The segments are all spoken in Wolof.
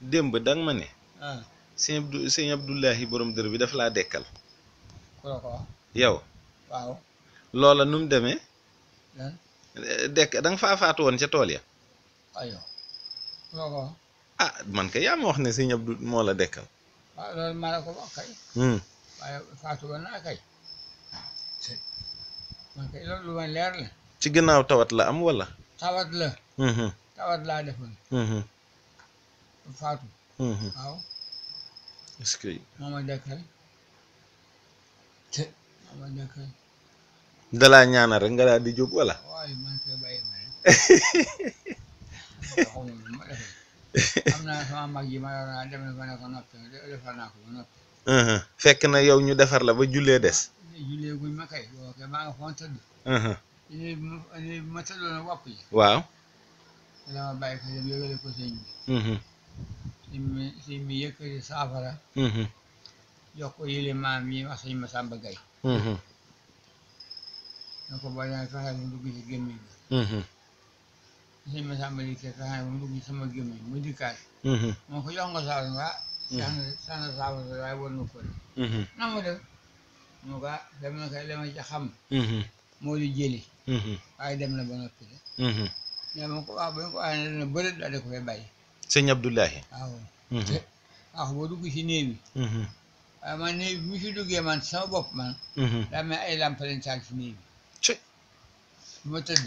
dem da nga ma ne. Ah. sëñ Abdou sëñ Abdoulahi borom deur bi daf la dekkal. ku ko yow. waaw. lola num demé dekk dang fa faatu woon ca ya. ayo. ku ko ah man kay am wax ne seigne Abdou mo la dekkal. waaw loolu ma la ko wax kay. Hmm. ay faatu won na kay. man kay loolu lu ma leer la. ci ginnaaw tawat la am wala. tawat la. Hmm, hmm. tawat laa hmm faatu mm-hmm. ñaanal di jóg na mm-hmm. fekk na yow ñu defar la ba jullee des ah, jullee guñ ma kay boo mm-hmm. ma tëddoon waaw simmi simmi yëkkati saafara jox mm-hmm. ko yilimaan mi wax sëñ Masamba Gaye mm-hmm. na ko mu dugg ci gémmiñ bi mm-hmm. sëñ mu dugg ci sama gémmiñ mu dikkaat moo ko jox nga saafara nga sax na saafara waaye war na ko na mu def mu ko dem na kay dama ci moo di jëli waaye dem na ba noppi de mais ma ko wax ba sëñ Abdoulahi waaw waaw mhm. ah, boo dugg si néew yi waaw mhm. ah, man néew bi mu man sama bopp man mhm. daa ay làmp lañ taal si néew bi bu ma tëdd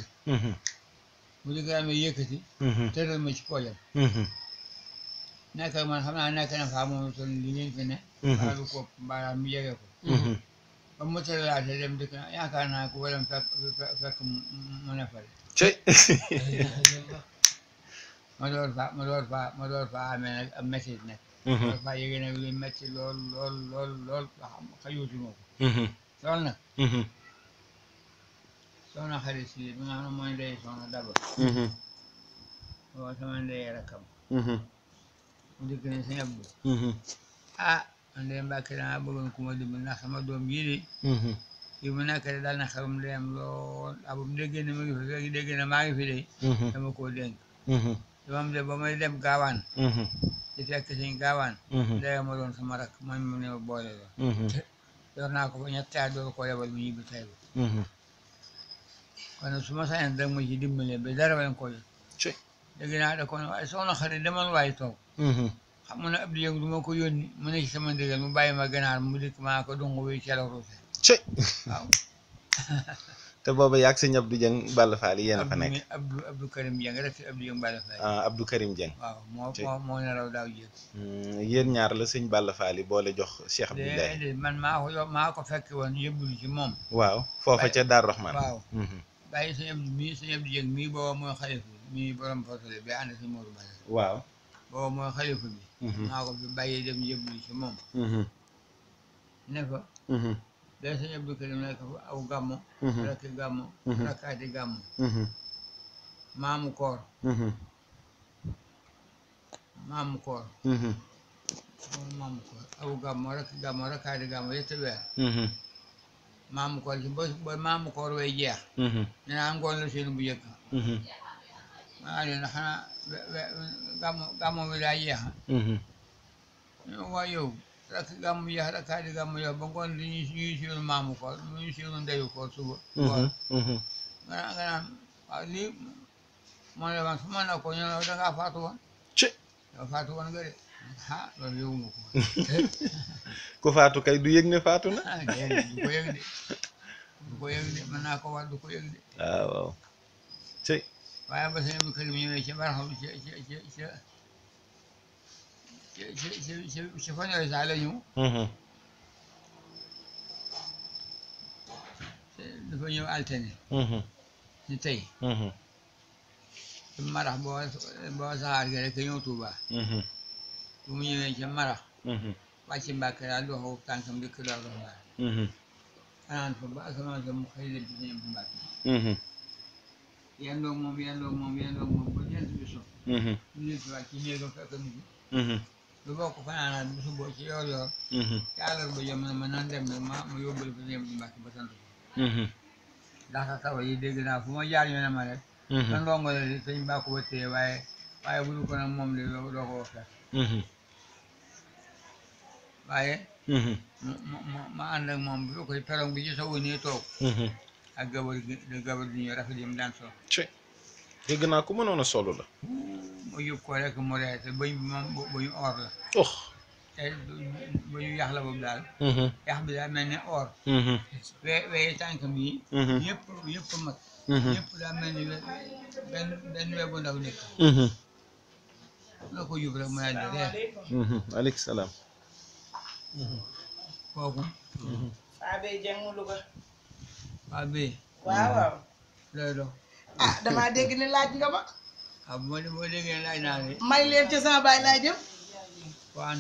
bu dugg daa mel yëkkati tëral ma ci poojam nekk man xam naa nekk na faa moom toll li ngeen fi ne mu jege ko ba mu tëralaate dem dëkk yaakaar naa ko waram fekk mu ne fare ma door fa ma door fa ma a fa amee nag am message nag ma door fa yëgee nag lu metti lool lool lool lool xam xajutuma ko soxna nag soxna xarit si bi nga xam ne mooy ndey soxna daba waaw sama ndey rakkam mu dikk ne si ñebbu ah man de Mbàkke dama bëggoon ku ma dimbali ndax sama doom yii de yi mu nekk de daal na xarum ndeyam lool abum déggee ne ma ngi fi fekk déggee ne maa ngi fi de dama koo dénk doomam de ba may dem gaawaan mhm. di fekk suñ gaawaan mhm. dara ma doon sama rak man mu ne ma boole loon mhm. yor naa ko fa ñetti at door koo yebal mu ñibbi tay bi kon su ma sañoon dag ma ci ba dara bañ ko jot dégg naa da kon waaye soxna xarit demal waaye toog xam mu ne ab di yëngu du ma ko yónni mu ne ci sama ndigal mu bàyyi ma ganaar mu dikk maa ko dungu bi celaruuse waaw te booba yaag sëñ Abdou Dieng Balla Fall yéen a fa nekk Abdou Abdou Karim Dieng rek si Abdou Dieng Balla Fall. ah Abdou Karim Dieng. waaw moo moo moo ne raw hmm, ñaar la sëñ Balla Fall yi boole jox Cheikh Abdoulaye. déedéet man maa ko maa ko fekk woon yëbbul ci moom. waaw foofa ca Darou Rahman. waaw hmm. bàyyi sëñ Abdou mii sëñ Abdou Dieng mii booba mooy xalifu mii borom Fatou ba ànd si Modou Balla. waaw booba mooy xalifu bi. Hmm. maa ko bàyyi dem yëbbul ci moom. ne fa. day sëñ Abdou Karim nekk aw gàmmu mhm. rakki gàmmu mhm. rakkaati gàmmu mhm. maamu koor maamu koor maamu koor aw gàmmu rakki gàmmu rakkaati gàmmu yetti weer maamu koor ci ba ba maamu koor way jeex nee naa ngoon la maa ne xanaa gàmmu gàmmu bi daa jeex gàmmu yeex ak kaay di gàmmu yeex ba ngoon li ñuy ñuy suñu maamu koor lu ñuy suñu ndeyu koor suba koor nga naan nga naan waaw lii moo ne man su ma na ko ñu ne dangaa faatu woon ci yow faatu woon nga de ah loolu yëguma ko ku faatu kay du yëg ne faatu na ah, du ko yëg de du ko yëg de mën naa ko wax du ko yëg de ah, waaw waaw ci waaye ba sëñ bi kër mi ñëwee ci baraxam ci ci ci si si si fanweeri saa la ñëw. dafa ñëw altine. ni tey. ca marax boo boo saxaar gi rek ñëw Tuuba. bu mu ñëwee ca marax. wàcc Mbàkke daal di waxu tànkam dikk door a mbaar. fanaan fa ba asamaan sa mu xëy la bi ñëw Mbàkke. yendoog moom yendoog moom yendoog moom ba jant bi so. ñu ngi fi wàcc ci néegam fekk nit ñi. lu bokk fanaanaa bi su boo yoor yoor mhm. ci àllar ba jom ne nan dem ne ma ma yóbbal ko sëñ ba sant ko mhm. ndax sax tawa yi dégg naa fu ma jaar ñu ne ma rek mhm. sa ndongo la di sëñ bàkku ba téye waaye bu dul ko nag doo ko wax waaye ma ma ànd ak moom bu ko perong bi ci sa wóor nee toog ak gabar gabar gi ñu rafet yi mu daan sol dégg naa ku mënoon a solo la mu yóbbu ko rek mu rees bëñ bi moom bëñu or la. te bëñu yax la boobu daal. Mm-hmm. yax bi daal mel ne or. Mm-hmm. we weyi tànk bi. yëpp mm-hmm. yëpp mag. yëpp daal mel ni benn benn we bu ndaw nekk. loo rek mu daal di rees. aleykum salaam. kooku. Abe Dieng mu Louga. Abe. waaw waaw. loolu. ah damaa dégg ne laaj nga ba. ah bu ma déggee laaj naa ne. may leen ca sama baay laa